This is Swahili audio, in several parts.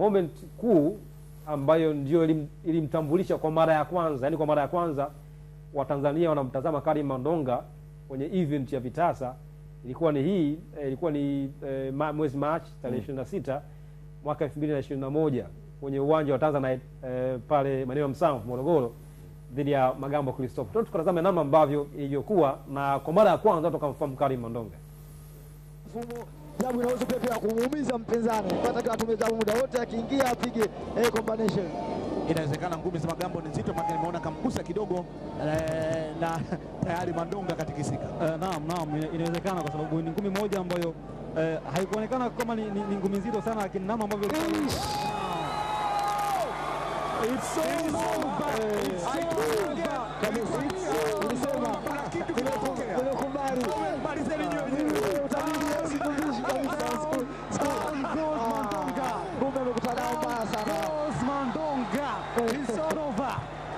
moment kuu ambayo ndio ilimtambulisha ilim kwa mara ya kwanza, yani kwa mara ya kwanza Watanzania wanamtazama Karim Mandonga kwenye event ya Vitasa ilikuwa ni hii eh, ilikuwa ni eh, mwezi Machi tarehe mm. ishirini na sita mwaka elfu mbili na ishirini na moja kwenye uwanja wa Tanzanite eh, pale maeneo ya Msamvu Morogoro dhidi ya Magambo Kristofa. tukatazame namna ambavyo ilivyokuwa na kwa mara ya kwanza tukamfahamu Karim Mandonga jabu inahusu pia pia kumuumiza mpinzani, hata atumie jabu muda wote akiingia apige eh, combination inawezekana ngumi za Magambo ni nzito, maana nimeona kamgusa kidogo eh, na tayari Mandonga katikisika. Uh, naam, naam, inawezekana kwa sababu ni ngumi moja ambayo uh, haikuonekana kama ni, ni, ni ngumi nzito sana, lakini namna ambavyo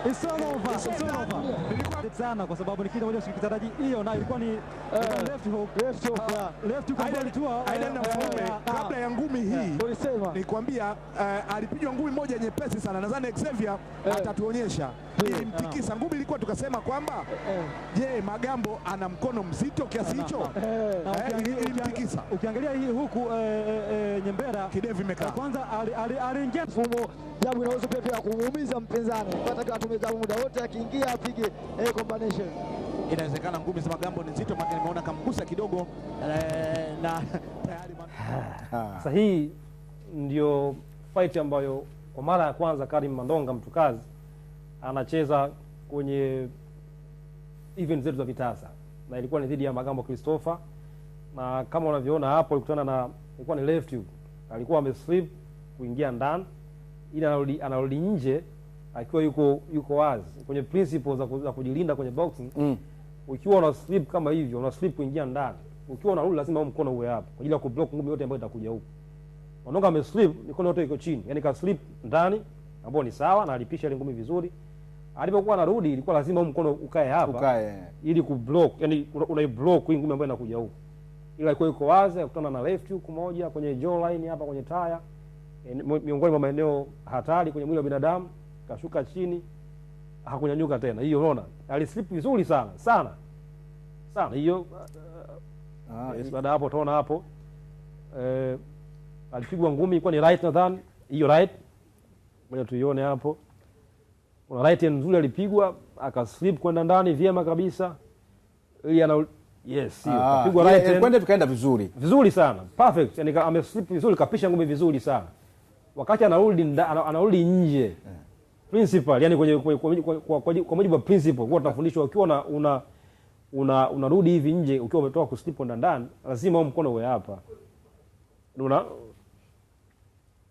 Isolova, Isolova. Nilikuwa sana kwa sababu ni kitu moja sikitaraji hiyo na eh, ilikuwa ni left hook, left hook. Ah, left hook ambayo alitua eh, eh, ah, kabla ya ngumi hii. Ulisema. Nikwambia alipigwa ngumi moja nyepesi sana. Nadhani Xavier atatuonyesha ilimtikisa ngumi ilikuwa tukasema kwamba je, Magambo ana mkono mzito kiasi hicho? Ilimtikisa. Ukiangalia hii huku Nyembera kidevu imekaa. Kwanza aliingia mfumo Tabu inahusu pia pia kumuumiza mpinzani, nataka atumie tabu muda wote, akiingia apige eh, combination. Inawezekana ngumi za Magambo ni nzito, maana nimeona kamgusa kidogo eh, na tayari sasa. Hii ndio fight ambayo kwa mara ya kwanza Karim Mandonga mtu kazi anacheza kwenye event zetu za vitasa, na ilikuwa ni dhidi ya Magambo Christopher, na kama unavyoona hapo, alikutana na ilikuwa ni left hook, alikuwa ameslip kuingia ndani ili anarudi nje akiwa yuko yuko wazi kwenye principle za za kujilinda kwenye boxing mm. Ukiwa una slip kama hivyo, una slip kuingia ndani, ukiwa unarudi lazima mkono uwe hapa kwa ajili ya kublock ngumi yote ambayo itakuja huko. unaona ame slip, mikono yote iko chini, yani ka slip ndani ambao ni sawa na alipisha ile ngumi vizuri. Alipokuwa anarudi ilikuwa lazima mkono ukae hapa ukae, ili kublock, yani unaiblock una ngumi ambayo inakuja huko, ila iko iko wazi, akutana na left hook moja kwenye jaw line hapa kwenye taya E, miongoni mwa maeneo hatari kwenye mwili wa binadamu, kashuka chini, hakunyanyuka tena. Hiyo unaona, alislip yaani, vizuri sana sana sana hiyo. Uh, uh, ah, Baada hapo utaona hapo eh, alipigwa ngumi, ilikuwa ni right nadhani, hiyo right moja tuione hapo. Kuna right ya nzuri alipigwa, akaslip kwenda ndani vyema kabisa, ili ana Yes, hiyo ah, kapigwa right eh, kwenda tukaenda vizuri. Vizuri sana. Perfect. yani ameslip vizuri, kapisha ngumi vizuri sana wakati anarudi anarudi nje yeah. Principal yani kwenye, kwenye, kwenye, kwa, kwa, kwa mujibu wa principal kwa tunafundishwa ukiwa una una unarudi una hivi nje ukiwa umetoka kuslipo ndani lazima mkono uwe hapa una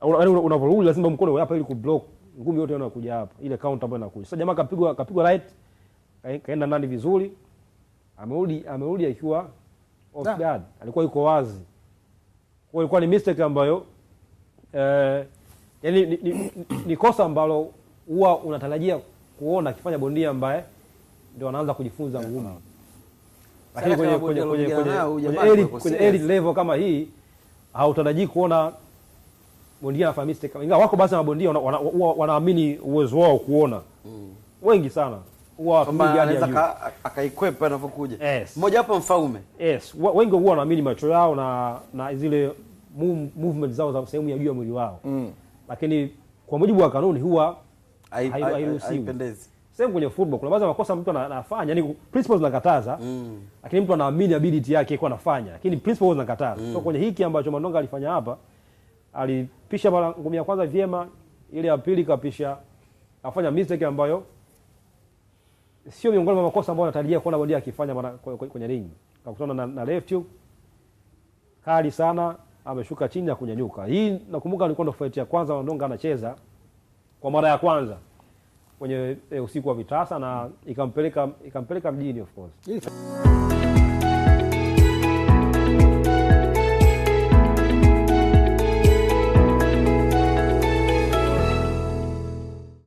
unaporudi una, lazima mkono uwe hapa ili kublock ngumi yote inakuja hapa ile counter ambayo inakuja sasa. So, jamaa kapigwa kapigwa right kaenda ndani vizuri, amerudi amerudi akiwa off ah. guard, alikuwa yuko wazi. Kwa ilikuwa ni mistake ambayo eh, yani ni, ni, ni kosa ambalo huwa unatarajia kuona akifanya bondia ambaye ndio anaanza kujifunza ngumi, lakini kwenye elite level kama hii hautarajii kuona bondia anafanya mistake, ingawa wako basi mabondia wanaamini uwezo wao kuona mm. wengi sana akaikwepa anavyokuja yes. Mmoja hapo Mfaume yes. Wengi huwa wanaamini macho yao na, na zile movement zao za sehemu ya juu ya mwili wao mm lakini kwa mujibu wa kanuni huwa hairuhusiwi. Sehemu kwenye football kuna baadhi ya makosa mtu anafanya, yani principles zinakataza mm. lakini mtu anaamini ability yake iko anafanya, lakini principles zinakataza mm. so kwenye hiki ambacho Mandonga alifanya hapa, alipisha mara ngumi ya kwanza vyema, ile ya pili kapisha, afanya mistake ambayo sio miongoni mwa makosa ambayo anatarajia kuona bondia akifanya kwenye ringi. akakutana na, na left hook kali sana ameshuka chini na kunyanyuka. Hii nakumbuka alikuwa ndo fight ya kwanza Wandonga anacheza kwa mara ya kwanza kwenye e, usiku wa vitasa na ikampeleka ikampeleka mjini of course.